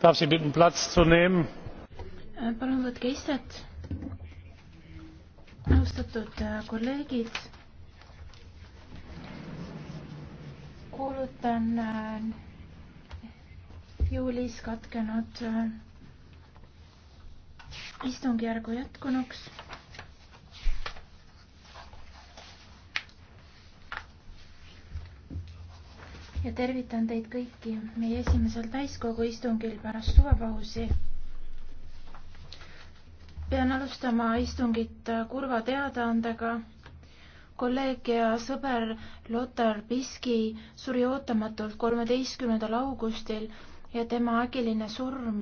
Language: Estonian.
darf sie bitten platz zu nehmen. Äh, palun võtke istet. austatud äh, kolleegid. kuulutan äh, juulis katkenud istungjärgu jätkunuks ja tervitan teid kõiki meie esimesel täiskogu istungil pärast suvepausi. pean alustama istungit kurva teadaandega. kolleeg ja sõber Lotar Biski suri ootamatult kolmeteistkümnendal augustil ja tema äkiline surm